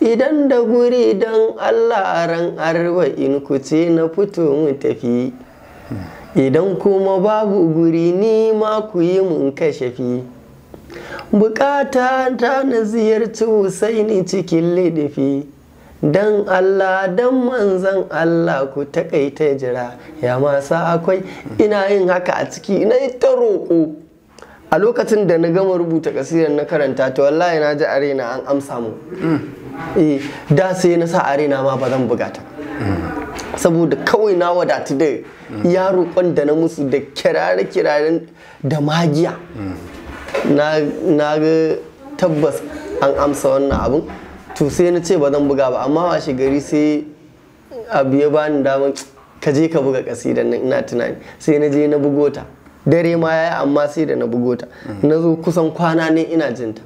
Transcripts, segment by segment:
idan da guri don allah a ran arba'in ku ce na fito mu tafi idan kuma babu guri ni ma ku yi mun fi. bukata ta na ziyarci ni cikin lidifi don allah don manzan allah ku takaita jira ya masa akwai ina yin haka a ciki na ta roƙo a lokacin da na gama rubuta kasidar na karanta ta wallahi na ji arena an amsa mu mm. eh, da sai na sa arena ma ba zan buga ta mm. saboda kawai na wadatu da mm. ya roƙon da na musu da kirare kirare da magiya na ga tabbas an amsa wannan abun. to sai na ce ba zan buga ba amma washe gari sai abu ya bani damar ka je ka buga kasidan nan ina tunani sai na je na bugo ta dare ma yayi amma sai da na bugo ta na zo kusan kwana ne ina jinta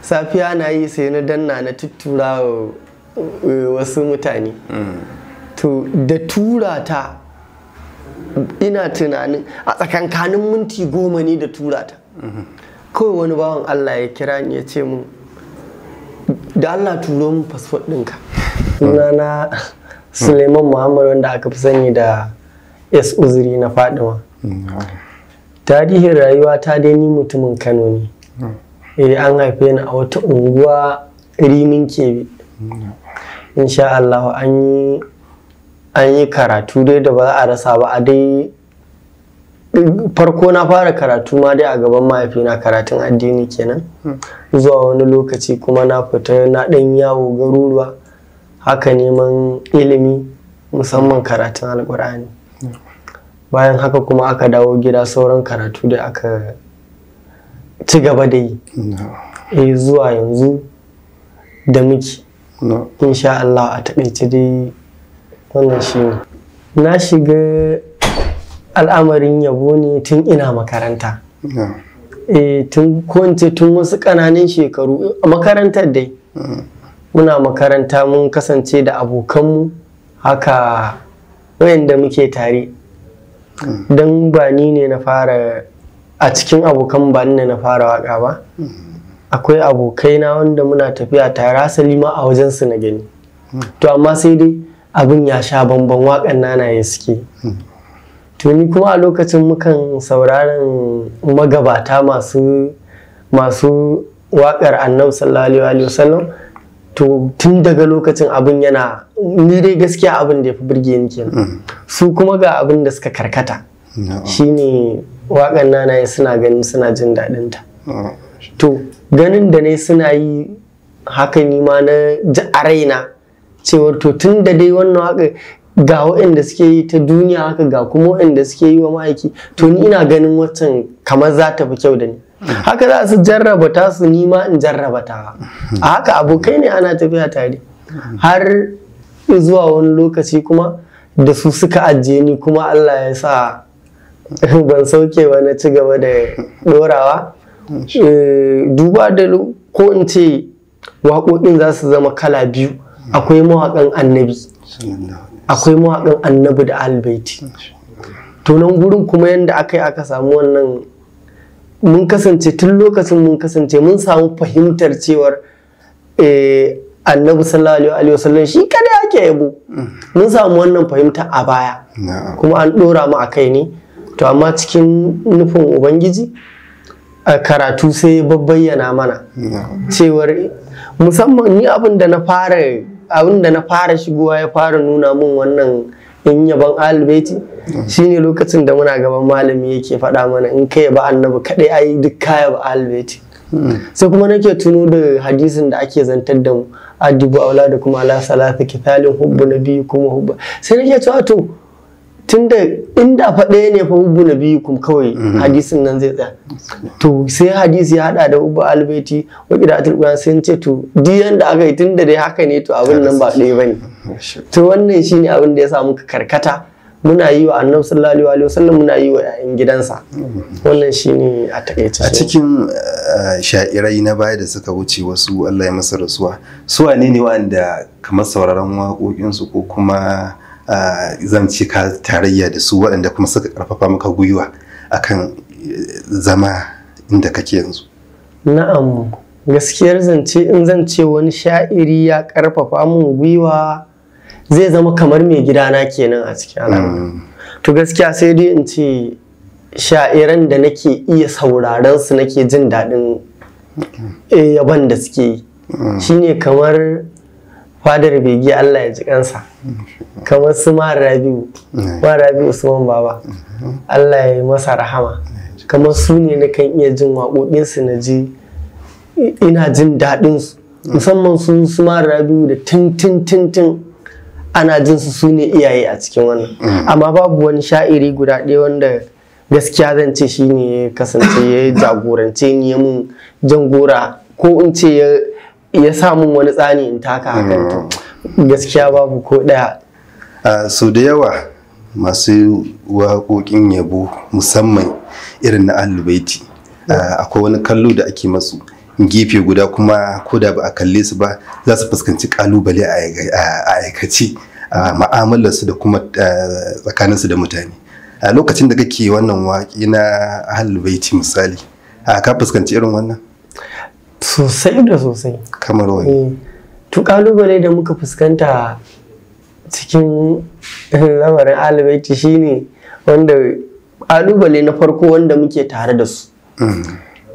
safiya na yi sai na danna na tuttura eh, wasu mutane to da tura ta ina tunanin a tsakankanin minti goma ne da tura ta kawai wani bawan Allah ya kira ni ya ce mu da Allah turo mun fasfot ɗinka na Suleiman Muhammad wanda aka fi sani da S uzuri na Fadima tarihin rayuwa ta dai ni mutumin kano ne hmm. eh an haife ni a wata unguwa rimin kebe hmm. insha Allah an yi karatu dai da ba a rasa ba a dai farko na fara karatu ma dai a gaban mahaifina karatun addini kenan hmm. zuwa wani lokaci kuma na fita na ɗan yawo garuruwa haka neman ilimi musamman karatun alkur'ani bayan haka kuma aka dawo gida sauran karatu da aka ci gaba da yi eh, zuwa yanzu da muke insha Allah a taƙaice dai wannan shi ne na shiga al'amarin yabo ne tun ina makaranta eh tun tun wasu ƙananan shekaru a makarantar dai muna makaranta mun kasance da abokanmu haka wayanda muke tare don ba ni ne na fara a cikin abokan ba ni ne na fara waka ba akwai abokai na wanda muna tafiya tare asali ma a wajen su na gani to amma sai dai abin ya sha bamban waƙan ya suke to ni kuma a lokacin mukan sauraron magabata masu masu waƙar annabi sallallahu alaihi wasallam to tun daga lokacin abin yana ni dai gaskiya abin da ya fi birge ni kenan mm. su kuma ga abin da suka karkata shine waƙan nanaye suna ganin suna jin daɗin ta to ganin da ne suna yi haka ni ma na ji a raina cewar to tun da dai wannan waƙa ga waɗanda suke yi ta duniya haka ga kuma waɗanda suke yi wa ma'aiki to ni ina ganin waccan kamar za ta fi kyau da ni haka za su jarraba ta su nima in jarraba ta a haka abokai ne ana tafiya tare har zuwa wani lokaci kuma da su suka ajiye ni kuma Allah ya sa ban sauke ba na ci gaba da dorawa eh, duba da ko in ce waƙoƙin za su zama kala biyu akwai mawaƙan annabi akwai mawaƙan annabi da albaiti to nan gurin kuma yadda aka yi aka samu wannan mun kasance tun lokacin mun kasance mun samu fahimtar cewar eh, annabi sallallahu alaihi wasallam shi kada ake yabo mun samu wannan fahimta a baya kuma an dora mu a kai ne to amma cikin nufin ubangiji a karatu sai babbayyana mana cewar musamman ni abin da na fara abin na fara shigowa ya fara nuna mun wannan in yaban albaiti shine lokacin da muna gaban malami yake faɗa mana in kai ba annabi kaɗai ai duk kaya ba albaiti hmm. sai kuma nake tuno da hadisin da ake zantar da mu adibu aula da kuma ala salata kitalin hubbu biyu kuma hubba sai nake cewa to tunda inda faɗe ne fa ubu na biyu kum kawai mhm. hadisin nan zai tsaya to sai hadisi ya hada da ubu albaiti wa qira'atul qur'an sai ce to diyan da aka yi tunda dai haka ne to abin nan ba ɗaya bane to wannan shine abin da ya sa muka karkata muna yi wa annabi sallallahu alaihi wasallam muna yi wa yayin gidansa mhm. wannan shine a takaice a cikin eh, sha'irai na baya da suka wuce wasu Allah ya masa rasuwa su wane ne wanda kamar sauraron waƙoƙinsu ko kuma zan ce ka tarayya da su waɗanda kuma suka ƙarfafa maka gwiwa akan eh, zama inda kake yanzu na'am gaskiyar zance in zan ce wani sha'iri ya ƙarfafa min gwiwa zai zama kamar mai gidana kenan a cikin al'amari mm. to gaskiya sai dai in ce sha'iran da nake iya sauraron su nake jin daɗin mm. eh, yaban da suke yi mm. shine kamar fadar begi Allah ya ji kansa kamar su ma rabiu ma rabiu usman baba Allah ya yi masa rahama kamar su ne na kan iya jin waƙoƙinsu na ji ina jin daɗin su musamman su su ma rabiu da tin tin ana jin su su ne iyaye a cikin wannan amma babu wani sha'iri guda ɗaya wanda gaskiya zan ce shine ya kasance ya jagorance ni ya mun jangora ko in ce ya ya samun wani tsani in taka hakan mm. gaskiya babu ko daya so da yawa masu waƙoƙin yabo musamman irin na alubaiti akwai wani kallo da ake masu gefe guda kuma ko da ba a kalle su ba za su fuskanci kalubale a aikace a ma'amalarsu da kuma tsakaninsu da mutane a lokacin da kake wannan waƙi na alubaiti misali ka fuskanci irin wannan sosai da sosai kamar wani eh, to kalubale da muka fuskanta cikin eh, lamarin alibaiti shine wanda kalubale na farko wanda muke tare da su mm.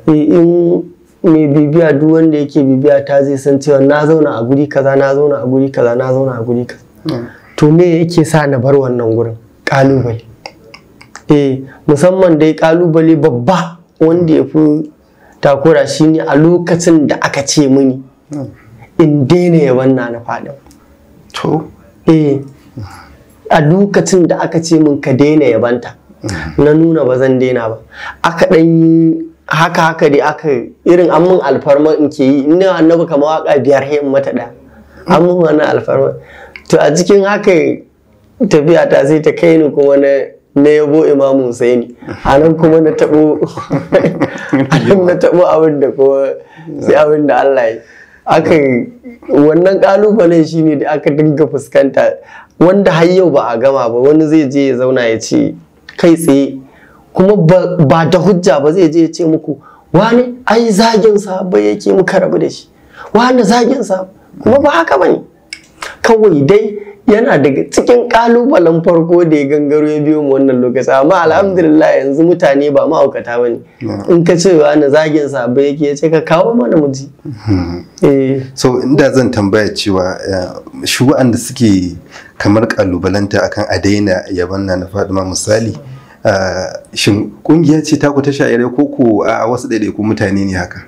eh, in mai bibiya duk wanda yake bibiya ta zai san cewa na zauna a guri kaza na zauna a guri kaza na zauna a guri kaza mm. to me yake sa na bar wannan gurin kalubale eh musamman dai kalubale babba wanda yafi. takura shi ne a lokacin da aka ce mini in daina yaban na na faɗin to eh a lokacin da aka ce min ka daina yabanta na nuna ba zan daina ba aka ɗan yi haka haka dai aka irin an min alfarma in ke yi ina annabi kama waka biyar he mata ɗaya an min wani alfarma to a cikin haka tafiya ta sai ta kai ni kuma na na yabo imamu husaini a nan kuma na tabo na tabo abin da kuma sai abin da Allah ya aka wannan kalubalen shine da aka dinga fuskanta wanda har yau ba a gama ba wani zai je ya zauna ya ce kai tsaye kuma ba da hujja ba zai je ya ce muku wani ai zagin sahabbai yake muka rabu da shi wani zagin sa kuma ba haka bane kawai dai yana daga cikin kalubalen farko da ya gangaro ya biyo mu wannan lokaci amma alhamdulillah yanzu mutane ba ma'aukata ba ne in ka ce wa na zagin sabai yake ya ce ka kawo mana muji hmm. eh. so inda zan tambaya cewa shi wa'anda suke kamar kalubalanta akan a daina yaban na na fadima misali shin kungiya ce taku ta sha'irai ko ko a wasu ɗaiɗaikun mutane ne haka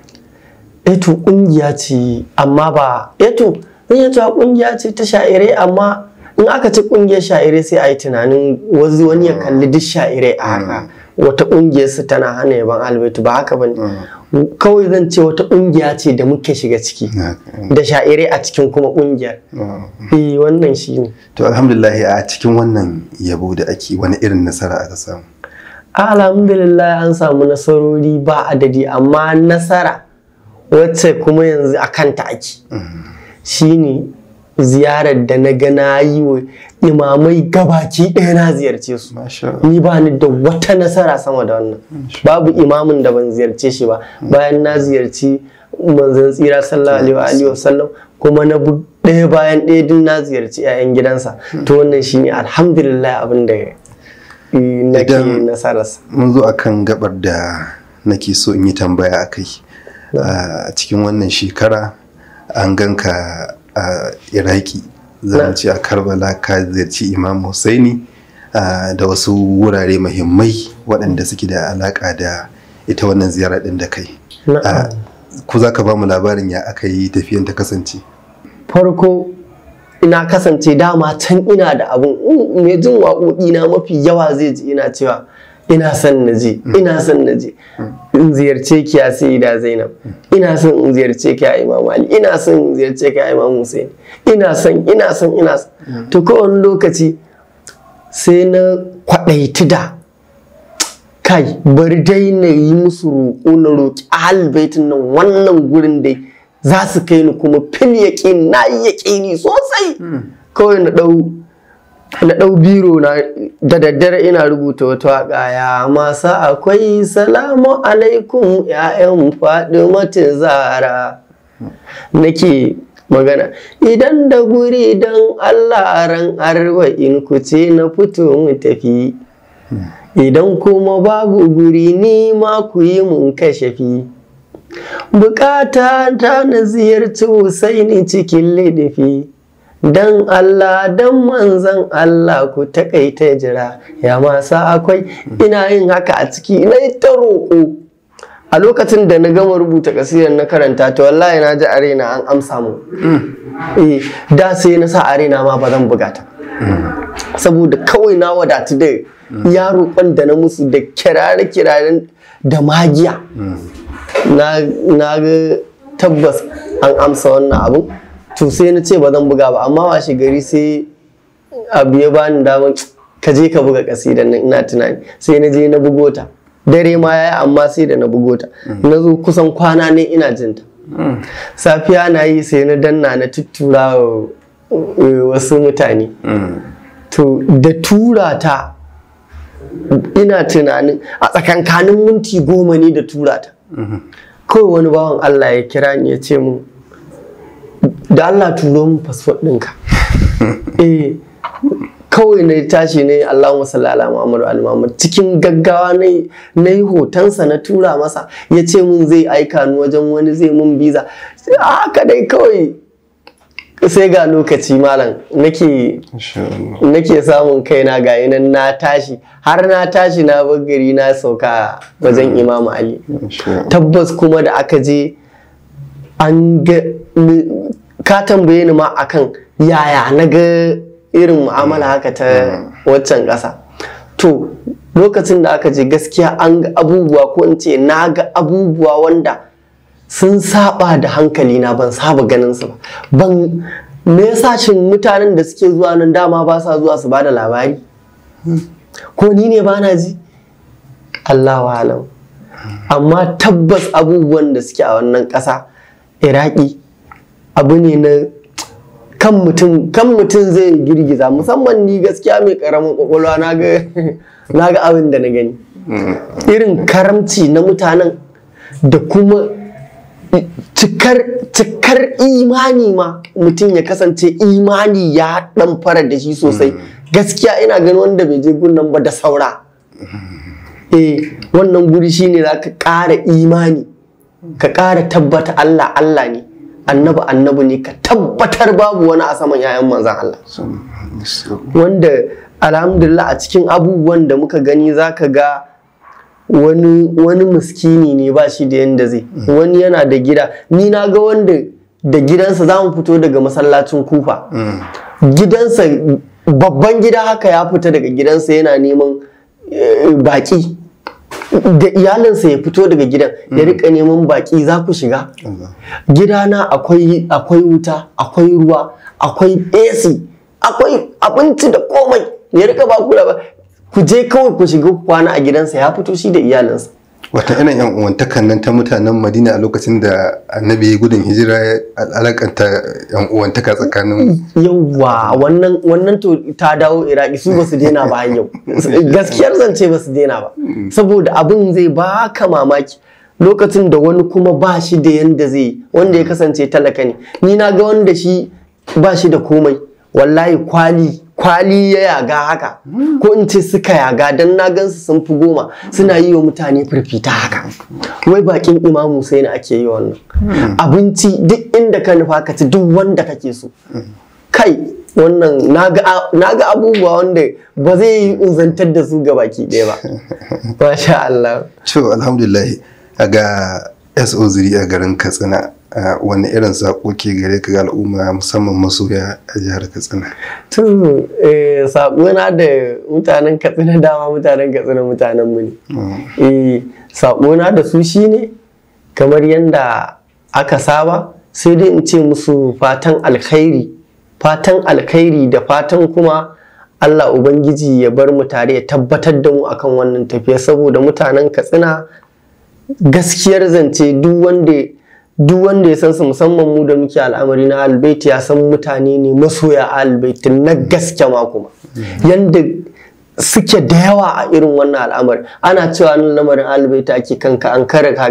eto eh kungiya ce amma ba eto eh zan iya cewa kungiya ce ta sha'irai amma in aka ci kungiyar sha'irai sai a yi tunanin wazi wani ya kalli duk sha'irai a haka mm. wata kungiyar su tana hana yaban albaitu ba haka bane mm. kawai zan ce wata kungiya ce da muke shiga ciki mm. da sha'irai a cikin kuma kungiyar eh wannan shi ne. to alhamdulillah a cikin wannan yabo da ake wani irin nasara aka samu alhamdulillah an samu nasarori ba adadi amma nasara wacce kuma yanzu a kanta ake shine ziyarar da na ga na yi wa imamai gabaki ɗaya na ziyarce su ni ba ni da wata nasara sama da wannan babu imamin da ban ziyarce shi ba hmm. bayan na ziyarci manzan tsira sallallahu alaihi wa sallam kuma na ɗaya bayan ɗaya din na ziyarci 'ya'yan gidansa hmm. to wannan shine alhamdulillah abin da nake nasararsa mun zo akan gabar da nake so in yi tambaya akai hmm. a cikin wannan shekara an ganka a iraki zan a karbala ka ziyarci imam husaini da wasu wurare muhimmai waɗanda suke da alaƙa da ita wannan ziyara ɗin da kai ku za ka ba mu labarin ya aka yi tafiyan ta kasance farko ina kasance dama can ina da abun mm, mai jin waƙoƙi na mafi yawa zai ji ina cewa ina son na je mm. ina son na je in ziyarce ki a da zainab mm. ina son in ziyarce ki a imam ali ina son in ziyarce ki a imam hussein ina son ina son ina son mm. to wani lokaci sai na kwaɗaiti da kai bari dai na yi musu roƙo na roƙi halibaitin nan wannan gurin dai za su kai ni kuma fil yaƙi na yi ni sosai kawai na ɗau na ɗau biro na da daddare ina rubuta wata waƙa ya masa akwai salamu alaikum ya'yan faɗi zara nake magana idan da guri don allah ran arba'in ku ce na fito mu tafi idan kuma babu guri ni ma ku yi mun kashafi bukata ta na ziyarci ni cikin ladafi dan Allah dan manzan Allah ku takaita jira ya masa akwai ina yin haka a ciki na ta roƙo a lokacin da na gama rubuta kasirar na karanta to wallahi na ji arena an amsa mu mm. eh, da sai na sa arena ma ba zan buga ta mm. saboda kawai na wadatu da mm. ya roƙon da na musu da kirare-kiraren da magiya na ga tabbas an amsa wannan abu to sai na ce ba zan buga ba amma washe gari sai abu ya bani daman ka je ka buga kasidan nan ina tunani sai na je na bugo ta dare ma yayi amma sai da na bugo ta na zo kusan kwana ne ina jin mm. safiya na yi sai na danna na tuttura eh, wasu mutane mm. to da tura ta ina tunanin a tsakankanin minti goma ne da tura ta mm-hmm. kawai wani bawan Allah ya kira ni ya ce mun da Allah turo mu passport ɗinka eh kawai na tashi ne Allahumma wa ala Muhammadu ali cikin gaggawa na yi hotonsa na tura masa yace ce mun zai aika ni wajen wani zai mun biza haka dai kawai sai ga lokaci malam nake nake samun kaina ga nan na tashi har na tashi na bagari na sauka wajen hmm. Imam Ali tabbas kuma da aka je an ga ka tambaye ni ma akan yaya na ga irin mu'amala haka ta waccan ƙasa to lokacin da aka je gaskiya an ga abubuwa ko in ce na ga abubuwa wanda sun saba da hankali na ban saba ganin su ba ban me yasa shin mutanen da suke zuwa nan dama ba sa zuwa su bada labari ko ni ne ba na ji Allah alam amma tabbas abubuwan da suke a wannan ƙasa iraki abu ne na kan mutum kan mutum zai girgiza musamman ni gaskiya mai karamin kwakwalwa na ga abin da na gani mm-hmm. irin karamci na mutanen da kuma cikar imani ma mutum ya kasance imani ya dan fara da shi sosai mm-hmm. gaskiya ina ganin wanda bai je gunan ba da saura mm-hmm. eh wannan guri shine za ka ƙara imani ka ƙara tabbata Allah Allah ne annabi annabi ne ka tabbatar babu wani a saman 'ya'yan manzan Allah wanda alhamdulillah a cikin abubuwan da muka gani za ka ga wani wani muskini ne ba shi da yadda zai wani yana da gida ni na ga wanda da gidansa za mu fito daga masallacin kufa gidansa babban gida haka ya fita daga gidansa yana neman eh, baki da iyalinsa ya fito daga gidan ya mm. rika neman baki za ku shiga gidana akwai akwai wuta akwai ruwa akwai AC akwai abinci da komai ya rika ba ku da ku je kawai ku shiga kwana a gidansa ya fito shi da iyalinsa wata yanayin yan uwantakan nan ta mutanen madina a lokacin da annabi gudun hijira ya alakanta yan uwantaka tsakanin yawwa wannan wannan to ta dawo iraki su basu su daina ba yau gaskiyar zance ba su daina ba saboda abin zai baka mamaki lokacin da wani kuma ba shi da yanda zai wanda ya kasance talaka ne ni na ga wanda shi ba shi da komai wallahi kwali kwali ya yaga haka ko in ce suka yaga dan na gansu sun fi goma suna yi wa mutane firfita haka wai bakin imamu sai na ake yi wannan hmm. abinci duk inda ka nufa ka ci duk wanda kake so hmm. kai wannan na ga abubuwa wanda ba zai yi unzantar da su ga baki ɗaya ba masha Allah to alhamdulillah ga SO3 a garin Katsina Eh, wani irin saƙo ke gare ka ga al'umma musamman masoya a jihar katsina to eh, saƙo na da mutanen katsina dama mutanen katsina mutanen mu ne hmm. eh, saƙo na da su shine kamar yadda aka saba sai dai in ce musu fatan alkhairi fatan alkhairi da fatan kuma Allah Ubangiji ya bar mu tare ya tabbatar da mu akan wannan tafiya saboda mutanen katsina gaskiyar zance duk wanda duk wanda ya san su musamman mu da muke al'amari na albaiti ya san mutane ne masoya albaiti na gaske ma kuma yanda suke da yawa a irin wannan al'amar ana cewa nan lamarin albaiti ake kanka an kare ga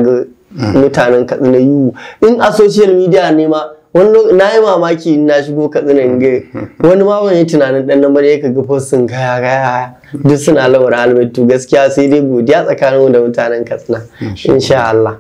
mutanen katsina yiwu in a social media ne ma wani na yi mamaki na shigo katsina in ga wani ma wani tunanin dan lamar ya kaga postin kaya kaya duk suna lamarin albaiti gaskiya sai dai godiya tsakanin da mutanen katsina insha Allah